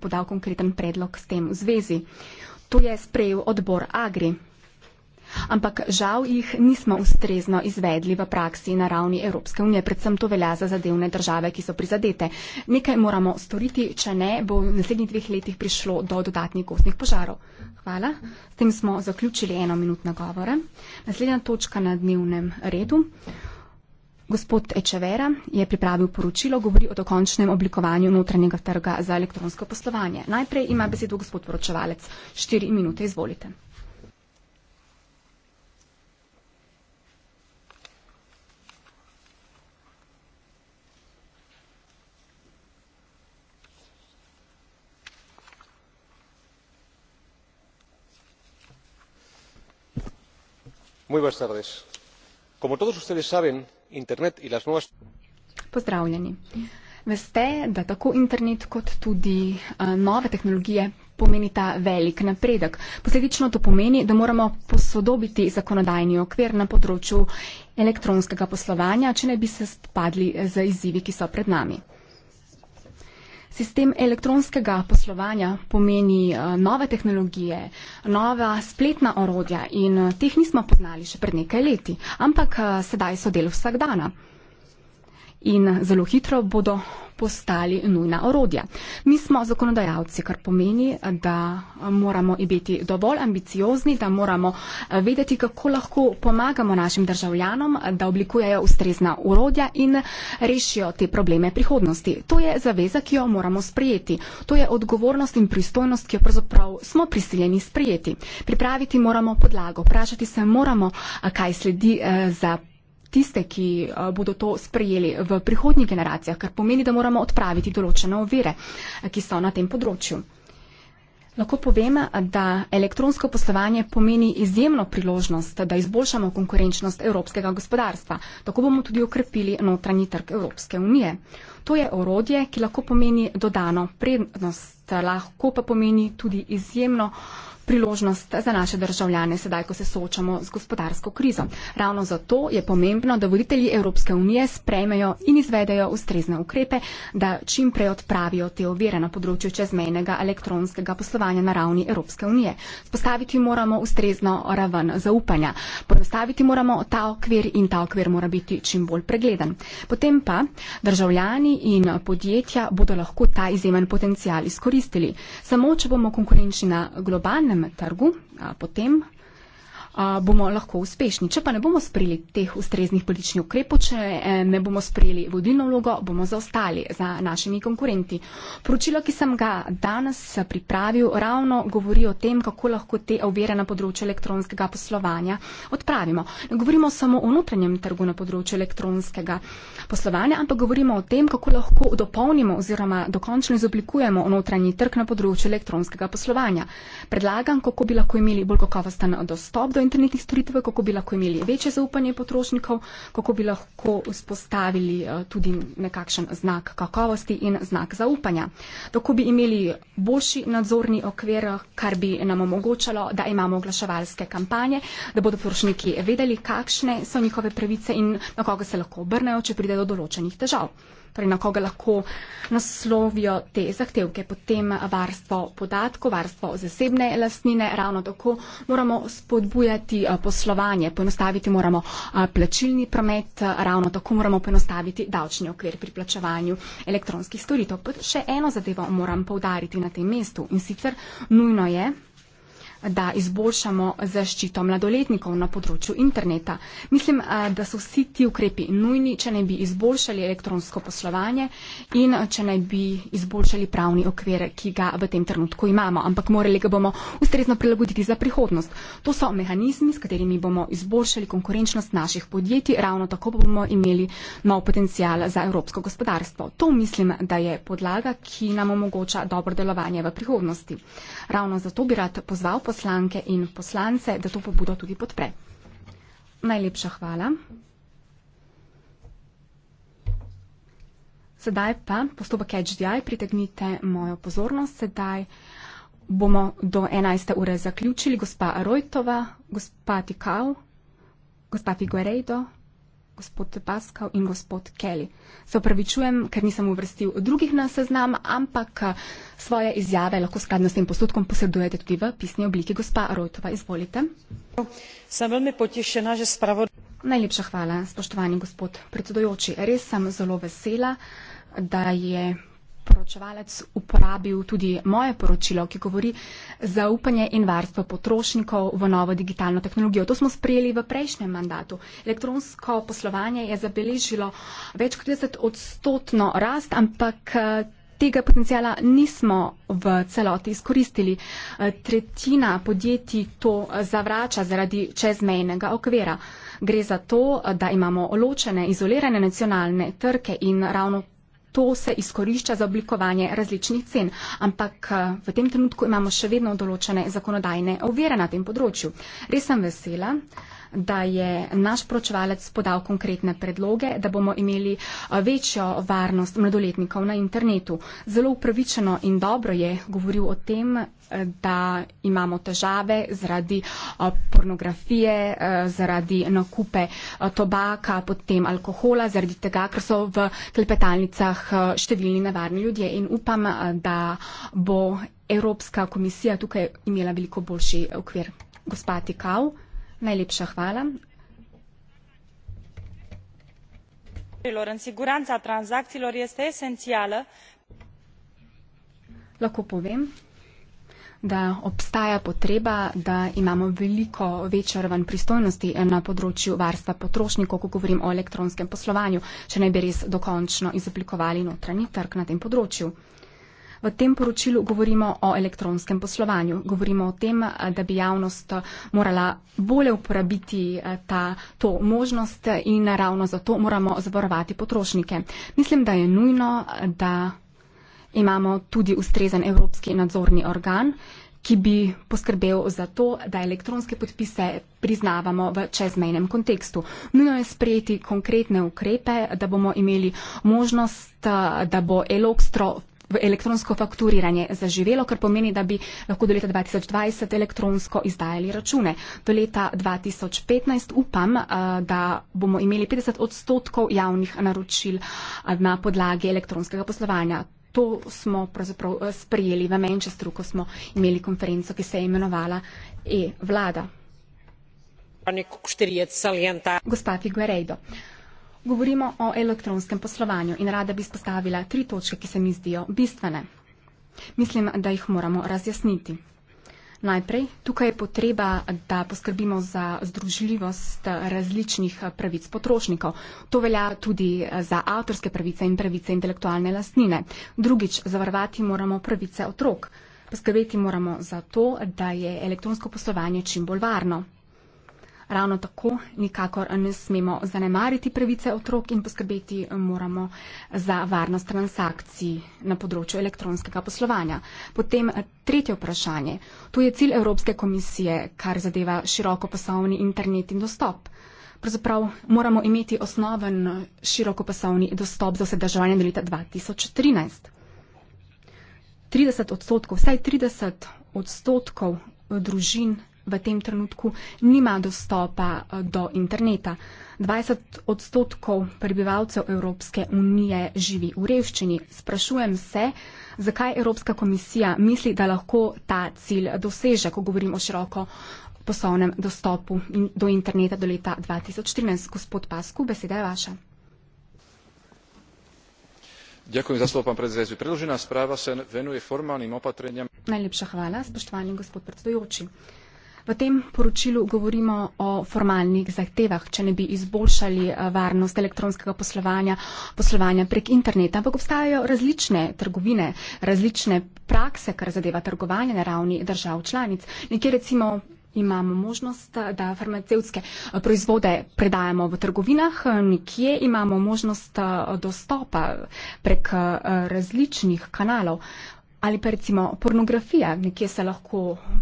podal konkreten predlog s tem v zvezi. To je sprejel odbor Agri. Ampak žal jih nismo ustrezno izvedli v praksi na ravni Evropske unije, predvsem to velja za zadevne države, ki so prizadete. Nekaj moramo storiti, če ne bo v naslednjih dveh letih prišlo do dodatnih gostnih požarov. Hvala. S tem smo zaključili eno minutno govore. Naslednja točka na dnevnem redu. Gospod Ečevera je pripravil poročilo, govori o dokončnem oblikovanju notranjega trga za elektronsko poslovanje. Najprej ima besedo gospod poročevalec. Štiri minute, izvolite. Muy buenas tardes. Pozdravljeni. Veste, da tako internet kot tudi eh, nove tehnologije pomenita velik napredek. Posledično to pomeni, da moramo posodobiti zakonodajni okvir na področju elektronskega poslovanja, če ne bi se spadli z izzivi, ki so pred nami. Sistem elektronskega poslovanja pomeni eh, nove tehnologije, nova spletna orodja in eh, teh nismo poznali še pred nekaj leti, ampak eh, sedaj so del vsakdana in zelo hitro bodo postali nujna orodja. Mi smo zakonodajalci, kar pomeni, da moramo biti dovolj ambiciozni, da moramo eh, vedeti, kako lahko pomagamo našim državljanom, da oblikujejo ustrezna orodja in rešijo te probleme prihodnosti. To je zaveza, ki jo moramo sprejeti. To je odgovornost in pristojnost, ki jo pravzaprav smo prisiljeni sprejeti. Pripraviti moramo podlago, vprašati se moramo, kaj sledi eh, za tiste, ki eh, bodo to sprejeli v prihodnjih generacijah, kar pomeni, da moramo odpraviti določene ovire, eh, ki so na tem področju. Lahko povem, da elektronsko poslovanje pomeni izjemno priložnost, da izboljšamo konkurenčnost evropskega gospodarstva. Tako bomo tudi okrepili notranji trg Evropske unije. To je orodje, ki lahko pomeni dodano prednost, lahko pa pomeni tudi izjemno priložnost za naše državljane, sedaj, ko se soočamo z gospodarsko krizo. Ravno zato je pomembno, da voditelji Evropske unije sprejmejo in izvedejo ustrezne ukrepe, da čim prej odpravijo te ovire na področju čezmejnega elektronskega poslovanja na ravni Evropske unije. Spostaviti moramo ustrezno raven zaupanja, poenostaviti moramo ta okvir in ta okvir mora biti čim bolj pregleden. Potem pa državljani in podjetja bodo lahko ta izjemen potencial izkoristili. Samo, če bomo konkurenčni na globalne Zelenem trgu, potem bomo lahko uspešni. Če pa ne bomo sprejeli teh ustreznih političnih ukrepov, če eh, ne bomo sprejeli vodilno vlogo, bomo zaostali za našimi konkurenti. Poročilo, ki sem ga danes pripravil, ravno govori o tem, kako lahko te ovire na področju elektronskega poslovanja odpravimo. Ne govorimo samo o notranjem trgu na področju elektronskega poslovanja, ampak govorimo o tem, kako lahko dopolnimo oziroma dokončno izoblikujemo notranji trg na področju elektronskega poslovanja. Predlagam, kako bi lahko imeli bolj kakovosten dostop do internetnih storitev, kako bi lahko imeli večje zaupanje potrošnikov, kako bi lahko vzpostavili eh, tudi nekakšen znak kakovosti in znak zaupanja. Tako bi imeli boljši nadzorni okvir, kar bi nam omogočalo, da imamo oglaševalske kampanje, da bodo potrošniki vedeli, kakšne so njihove pravice in na koga se lahko obrnejo, če pride do določenih težav torej na koga lahko naslovijo te zahtevke. Potem varstvo podatkov, varstvo zasebne lastnine, ravno tako moramo spodbujati eh, poslovanje, poenostaviti moramo eh, plačilni promet, eh, ravno tako moramo poenostaviti davčni okvir pri plačevanju elektronskih storitev. Pa še eno zadevo moram povdariti na tem mestu in sicer nujno je, da izboljšamo zaščito mladoletnikov na področju interneta. Mislim, eh, da so vsi ti ukrepi nujni, če naj bi izboljšali elektronsko poslovanje in eh, če naj bi izboljšali pravni okvir, ki ga v tem trenutku imamo, ampak morali ga bomo ustrezno prilagoditi za prihodnost. To so mehanizmi, s katerimi bomo izboljšali konkurenčnost naših podjetij, ravno tako bomo imeli nov potencial za evropsko gospodarstvo. To mislim, da je podlaga, ki nam omogoča dobro delovanje v prihodnosti. Ravno zato bi rad pozval poslednjega poslanke in poslance, da to pobudo tudi podpre. Najlepša hvala. Sedaj pa postopek HDI, pritegnite mojo pozornost. Sedaj bomo do 11. ure zaključili. Gospa Rojtova, gospa Tikal, gospa Figueredo gospod Paskal in gospod Kelly. Se opravičujem, ker nisem uvrstil drugih na seznam, ampak eh, svoje izjave lahko skladno s tem postopkom posredujete tudi v pisni obliki. Gospa Rojtova, izvolite. Sem veoma potešena, že spravod. Najlepša hvala, spoštovani gospod predsedujoči. Res sem zelo vesela, da je poročevalec uporabil tudi moje poročilo, ki govori zaupanje in varstvo potrošnikov v novo digitalno tehnologijo. To smo sprejeli v prejšnjem mandatu. Elektronsko poslovanje je zabeležilo več kot 30 odstotno rast, ampak eh, tega potencijala nismo v celoti izkoristili. Eh, tretjina podjetij to eh, zavrača zaradi čezmejnega okvira. Gre za to, da imamo ločene, izolirane nacionalne trge in ravno to se izkorišča za oblikovanje različnih cen. Ampak eh, v tem trenutku imamo še vedno določene zakonodajne ovire na tem področju. Res sem vesela, da je naš poročevalec podal konkretne predloge, da bomo imeli eh, večjo varnost mladoletnikov na internetu. Zelo upravičeno in dobro je govoril o tem, eh, da imamo težave zaradi eh, pornografije, zaradi nakupe tobaka, potem alkohola, zaradi tega, ker so v klepetalnicah številni nevarni ljudje in upam, da bo Evropska komisija tukaj imela veliko boljši okvir. Gospa Tikau. Najlepša hvala. Siguranca transakcijlor este esencijala. Lahko povem, da obstaja potreba, da imamo veliko večjo raven pristojnosti na področju varstva potrošnikov, ko govorim o elektronskem poslovanju, če naj bi res dokončno izoblikovali notranji trg na tem področju. V tem poročilu govorimo o elektronskem poslovanju. Govorimo o tem, da bi javnost morala bolje uporabiti eh, ta, to možnost in ravno zato moramo zavarovati potrošnike. Mislim, da je nujno, da imamo tudi ustrezen evropski nadzorni organ, ki bi poskrbel za to, da elektronske podpise priznavamo v čezmejnem kontekstu. Nujno je sprejeti konkretne ukrepe, da bomo imeli možnost, eh, da bo Elokstro v elektronsko fakturiranje zaživelo, kar pomeni, da bi lahko do leta 2020 elektronsko izdajali račune. Do leta 2015 upam, eh, da bomo imeli 50 odstotkov javnih naročil eh, na podlagi elektronskega poslovanja. To smo pravzaprav eh, sprejeli v Manchesteru, ko smo imeli konferenco, ki se je imenovala E-vlada. Gospa Figuerejdo. Govorimo o elektronskem poslovanju in rada bi spostavila tri točke, ki se mi zdijo bistvene. Mislim, da jih moramo razjasniti. Najprej, tukaj je potreba, da poskrbimo za združljivost različnih pravic potrošnikov. To velja tudi za avtorske pravice in pravice intelektualne lastnine. Drugič, zavarovati moramo pravice otrok. Poskrbeti moramo za to, da je elektronsko poslovanje čim bolj varno ravno tako nikakor ne smemo zanemariti pravice otrok in poskrbeti moramo za varnost transakcij na področju elektronskega poslovanja. Potem eh, tretje vprašanje. To je cilj Evropske komisije, kar zadeva široko pasovni internet in dostop. Pravzaprav moramo imeti osnoven eh, širokopasovni dostop za vse državljane do leta 2013. 30 odstotkov, vsaj 30 odstotkov eh, družin v tem trenutku nima dostopa eh, do interneta. 20 odstotkov prebivalcev Evropske unije živi v revščini. Sprašujem se, zakaj Evropska komisija misli, da lahko ta cilj doseže, ko govorim o široko poslovnem dostopu in do interneta do leta 2014. Gospod Pasku, beseda je vaša. Ďakujem za slovo, pán predsedajúci. Predložená správa sa venuje formálnym opatreniam. Najlepšia chvála, spoštovaný gospod predsedajúci. V tem poročilu govorimo o formalnih zahtevah, če ne bi izboljšali eh, varnost elektronskega poslovanja, poslovanja prek interneta, ampak obstajajo različne trgovine, različne prakse, kar zadeva trgovanje na ravni držav članic. Nekje recimo imamo možnost, eh, da farmacevtske eh, proizvode predajamo v trgovinah, nekje imamo možnost dostopa prek različnih kanalov. Ali pa recimo pornografija, nekje se lahko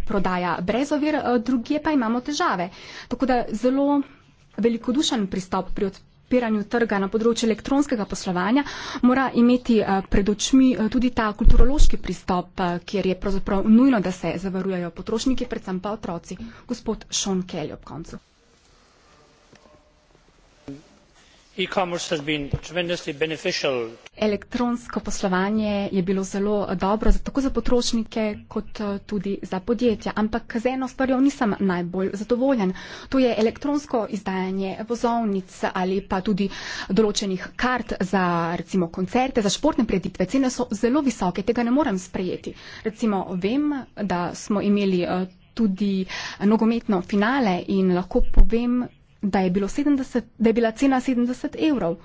prodaja brez ovir, eh, drugje pa imamo težave. Tako da zelo velikodušen pristop pri odpiranju trga na področju elektronskega poslovanja mora imeti eh, pred očmi eh, tudi ta kulturološki pristop, kjer je pravzaprav nujno, da se zavarujajo potrošniki, predvsem pa otroci. Gospod Sean Kelly ob koncu. Elektronsko poslovanje je bilo zelo dobro tako za potrošnike kot eh, tudi za podjetja, ampak z eno stvarjo nisem najbolj zadovoljen. To je elektronsko izdajanje vozovnic ali pa tudi določenih kart za recimo koncerte, za športne preditve. Cene so zelo visoke, tega ne morem sprejeti. Recimo vem, da smo imeli eh, tudi eh, nogometno finale in lahko povem, da je, bilo 70, da je bila cena 70 evrov.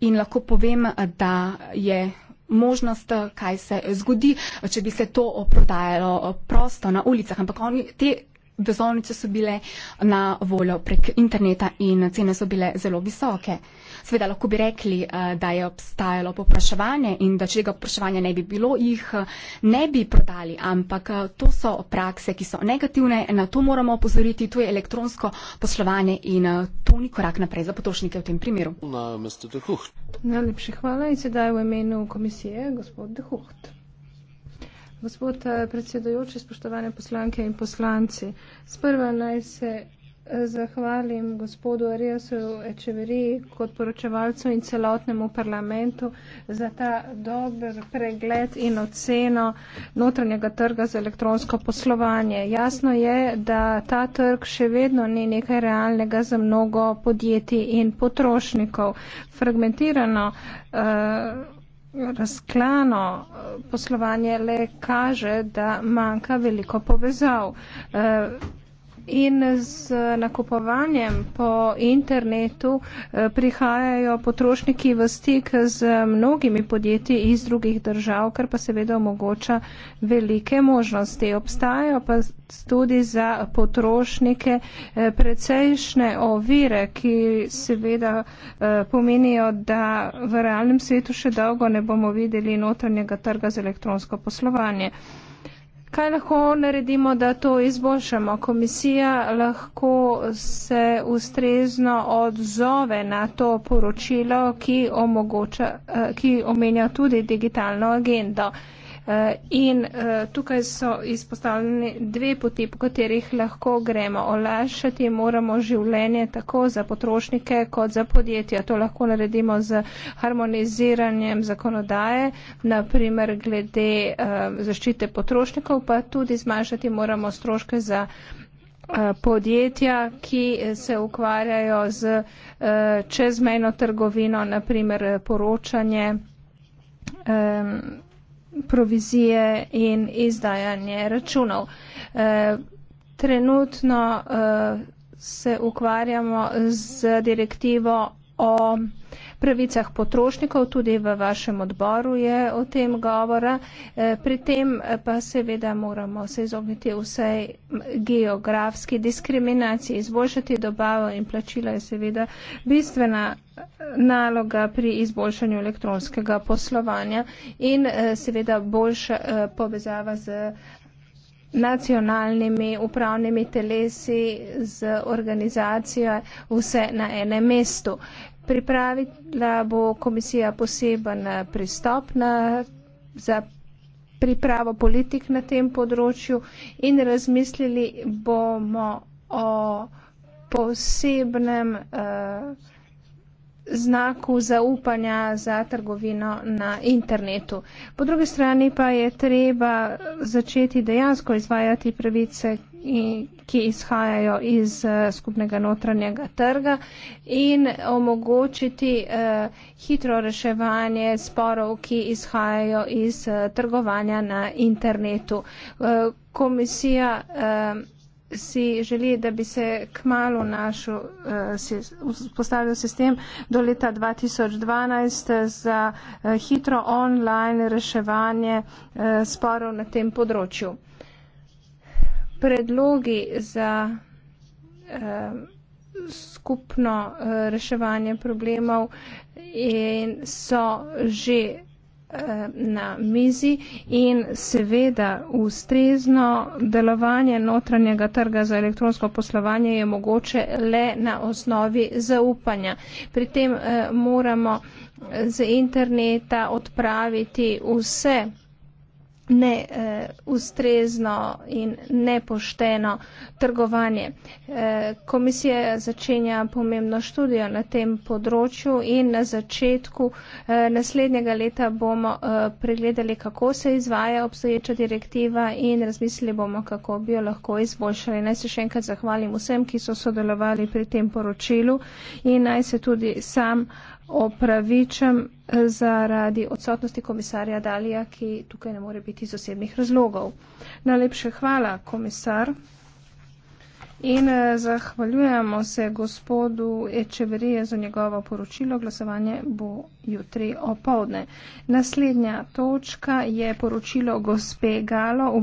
In lahko povem, da je možnost, kaj se zgodi, če bi se to prodajalo prosto na ulicah. Ampak oni, te vezovnice so bile na voljo prek interneta in cene so bile zelo visoke. Uh, Seveda lahko bi rekli, eh, da je obstajalo popraševanje in da če tega popraševanja ne bi bilo, jih eh, ne bi prodali, ampak eh, to so prakse, ki so negativne, na to moramo opozoriti, to je elektronsko poslovanje in to ni korak naprej za potrošnike v tem primeru. Na mestu Dehucht. Najlepše hvala in sedaj v imenu komisije gospod Dehucht. Gospod predsedujoči, spoštovane poslanke in poslanci, sprva naj se zahvalim gospodu Ariasu Čeveriji kot poročevalcu in celotnemu parlamentu za ta dober pregled in oceno notranjega trga za elektronsko poslovanje. Jasno je, da ta trg še vedno ni nekaj realnega za mnogo podjetij in potrošnikov. Fragmentirano uh, Razklano eh, poslovanje le kaže, da manjka veliko povezav. Eh, In z nakupovanjem po internetu eh, prihajajo potrošniki v stik z mnogimi podjetji iz drugih držav, kar pa seveda omogoča velike možnosti. Obstajajo pa tudi za potrošnike eh, precejšnje ovire, ki seveda eh, pomenijo, da v realnem svetu še dolgo ne bomo videli notranjega trga z elektronsko poslovanje. Kaj lahko naredimo, da to izboljšamo? Komisija lahko se ustrezno odzove na to poročilo, ki, omogoča, eh, ki omenja tudi digitalno agendo. Eh, in eh, tukaj so izpostavljeni dve poti, po katerih lahko gremo. Olajšati moramo življenje tako za potrošnike kot za podjetja. To lahko naredimo z harmoniziranjem zakonodaje, naprimer glede eh, zaščite potrošnikov, pa tudi zmanjšati moramo stroške za podjetja, ki se ukvarjajo z čezmejno trgovino, naprimer poročanje provizije in izdajanje računov. Eh, trenutno eh, se ukvarjamo z direktivo o pravicah potrošnikov, tudi v vašem odboru je o tem govora. E, pri tem e, pa seveda moramo se izogniti vsej geografski diskriminaciji, izboljšati dobavo in plačila je seveda bistvena e, naloga pri izboljšanju elektronskega poslovanja in seveda boljša povezava z nacionalnimi upravnimi telesi z organizacijo vse na enem mestu. Pripravila bo komisija poseben eh, pristop na, za pripravo politik na tem področju in razmislili bomo o posebnem eh, znaku zaupanja za trgovino na internetu. Po drugi strani pa je treba eh, začeti dejansko izvajati pravice ki izhajajo iz eh, skupnega notranjega trga in omogočiti eh, hitro reševanje sporov, ki izhajajo iz eh, trgovanja na internetu. Komisija si želi, da bi se k malu našo postavil sistem do leta 2012 za hitro online reševanje sporov na tem področju predlogi za uh, skupno uh, reševanje problemov in so že eh, na mizi in seveda ustrezno delovanje notranjega trga za elektronsko poslovanje je mogoče le na osnovi zaupanja. Pri tem eh, moramo z interneta odpraviti vse eh, ne eh, ustrezno in nepošteno trgovanje. Eh, komisija začenja pomembno študijo na tem področju in na začetku eh, naslednjega leta bomo eh, pregledali, kako se izvaja obstoječa direktiva in razmislili bomo, kako bi jo lahko izboljšali. Naj se še enkrat zahvalim vsem, ki so sodelovali pri tem poročilu in naj se tudi sam. Eh, opravičem zaradi odsotnosti komisarja Dalija, ki tukaj ne more biti iz osebnih razlogov. Najlepše hvala, komisar. In eh, zahvaljujemo se gospodu Echeverije za njegovo poročilo. Glasovanje bo jutri opovdne. Naslednja točka je poročilo gospe Galo.